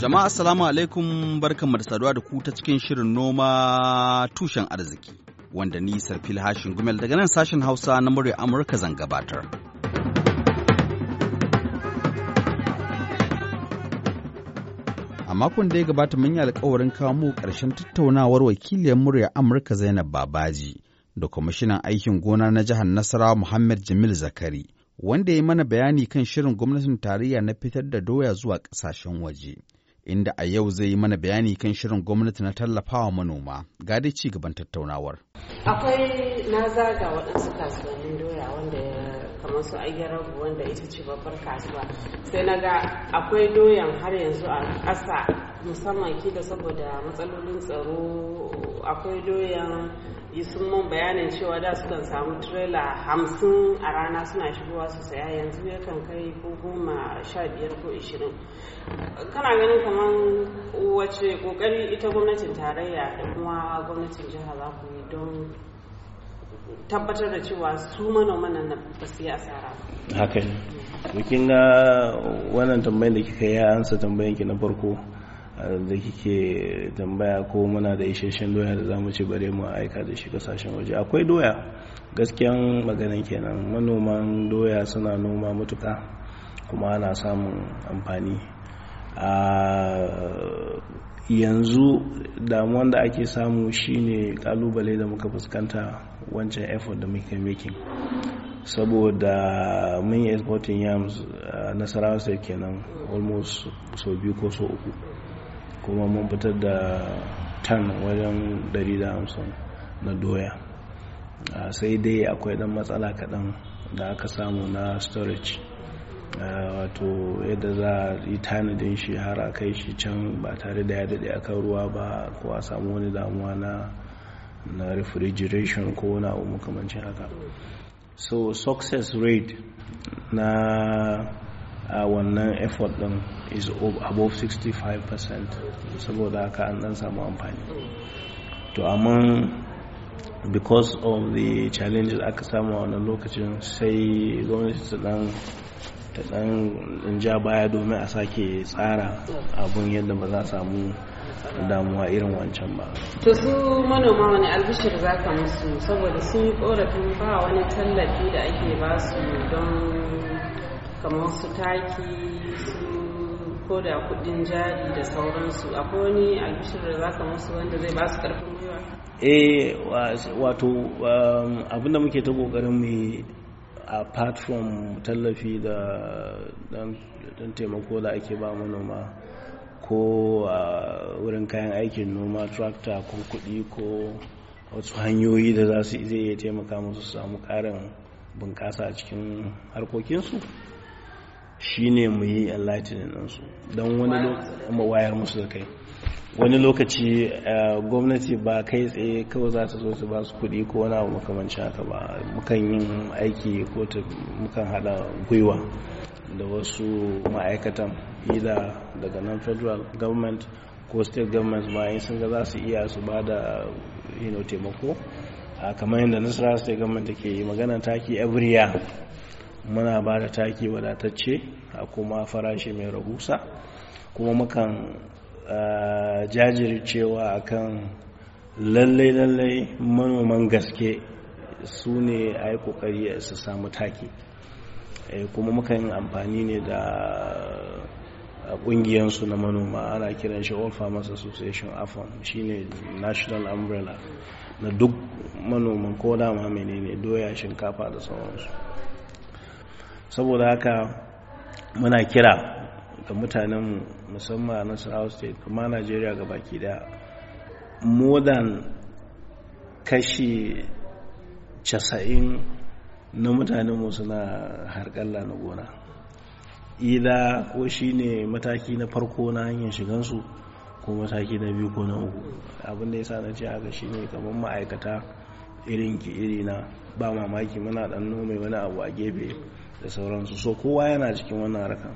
Jama'a assalamu alaikum barkanmu da saduwa da ku ta cikin shirin noma tushen arziki wanda ni Sarfil Hashin Gumel daga nan sashen Hausa na murya Amurka zan gabatar. A makon da ya gabata mun yi alkawarin kawo mu ƙarshen tattaunawar wakiliyar murya Amurka Zainab Babaji da kwamishinan aikin gona na jihar Nasarawa Muhammad Jamil Zakari wanda ya mana bayani kan shirin gwamnatin tarayya na fitar da doya zuwa ƙasashen waje. inda a yau zai yi mana bayani kan shirin gwamnati na tallafawa manoma ga dai ci gaban tattaunawar. Akwai na zaga waɗansu kasuwannin doya wanda kamar su ayyarabu wanda ita ce babbar kasuwa sai na ga akwai doyan har yanzu a ƙasa musamman kila saboda matsalolin tsaro akwai doyan yi sun mun bayanin cewa da su kan samu tirela hamsin a rana suna shigowa su saya yanzu ya kan kai ko goma sha biyar ko ishirin kana ganin kamar wace kokari ita gwamnatin tarayya da kuma gwamnatin jiha za ku yi don tabbatar da cewa su manoman nan ba su yi asara haka ne ga wannan tambayin da kika yi ansa tambayin ki na farko da kike tambaya ko muna da isasshen doya da zamu ci bare mu aika da shi kasashen waje akwai doya gaskiyan maganan kenan manoman doya suna noma mutuka kuma ana samun amfani a yanzu damuwan da ake samu shine kalubale da muka fuskanta wancan effort da muke making saboda mun yi exporting yams nasarawa sai kenan almost sau biyu ko sau uku kuma mun fitar da tan wajen 150 na doya ah, sai dai akwai dan matsala kaɗan da aka samu na storage ah, wato yadda za a yi tanadin shi har a kai shi can ba tare da ya daɗe a kan ruwa ba ko a samu wani damuwa na na refrigeration ko na abu makamancin haka so success rate na a wannan effort din is above 65% saboda haka an dan samu amfani to amma because of the challenges aka samu a wannan lokacin sai gwamnati ta dan ta dan ja baya domin a sake tsara abun yadda ba za samu damuwa irin wancan ba. To su manoma wani albishir za ka musu saboda sun yi korafin ba wani tallafi da ake ba su don kamar su taki su da kudin jari da sauransu akwai wani albishir da za ka musu wanda zai ba su karfin gwiwa e wato um, abinda muke ta kokarin mu a platform tallafi da dan taimako da ake ba manoma ko a uh, wurin kayan aikin noma tractor ko kuɗi ko wasu hanyoyi da za su iya taimaka musu su samu ƙarin bunƙasa a cikin harkokinsu shine mu yi enlightening ɗinsu don wani wayar musu da kai wani lokaci eh, gwamnati ba kai tsaye kawai za ta zo su ba su kuɗi ko wani abu makamancin haka ba mukan yin aiki ko ta mukan haɗa gwiwa da wasu ma'aikatan either daga nan federal government ko state government ma yin sun ga za su iya su ba da taimako ah, kamar yadda nasarar state government take yi magana taki every year muna ba da taki wadatacce a kuma farashi mai rahusa kuma mukan eh, jajircewa a kan lallai-lallai manoman gaske su ne a yi kokari su samu taki eh, kuma mukan amfani ne da kungiyansu eh, na manoma ana kiran shi all farmers association afon shine national umbrella na duk manoman ko dama menene doya shinkafa da sauransu saboda haka muna kira ga mutanen musamman na south state kuma najeriya ga baki da more kashi casa'in na mutanenmu suna harƙalla na gona ida ko shine mataki na farko na hanyar shigansu ko mataki na biyu ko na uku abin da ya sa na ce haka ne kamar ma'aikata irin ki na ba mamaki muna dan nome wani abu a gefe da sauransu so kowa yana cikin wannan harkar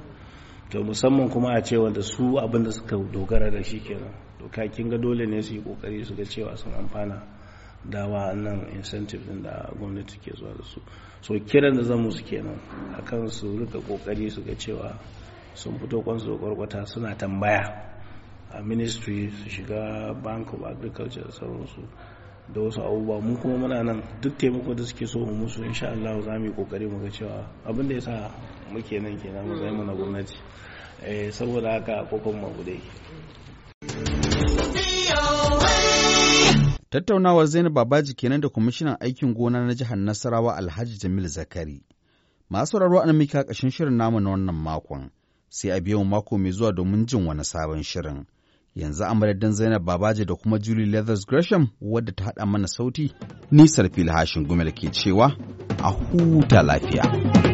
to musamman kuma a cewa da su abinda suka dogara da shi kenan doka kin ga dole ne su yi kokari su ga cewa sun amfana da nan incentive din da gwamnati ke zuwa da su so kiran da zamu su kenan akan su rika kokari su ga cewa sun fito kwansu da kwarkwata suna tambaya a ministry su shiga bank of agriculture da sauransu da wasu abubuwa mu kuma muna nan duk taimako da suke so mu musu insha Allah za mu yi kokari mu ga cewa abin da yasa muke nan kenan mu zai na gwamnati eh saboda haka kokon mu bude Tattaunawar Zainab Babaji kenan da kwamishinan aikin gona na jihar Nasarawa Alhaji Jamil Zakari. Masu raro an mika ƙashin shirin namu na wannan makon, sai a biyan mako mai zuwa domin jin wani sabon shirin. yanzu a madadin Zainab Babaje da kuma Julie Leathers Gresham wadda ta haɗa mana sauti, nisar filhashin hashin gumel ke cewa a huta lafiya.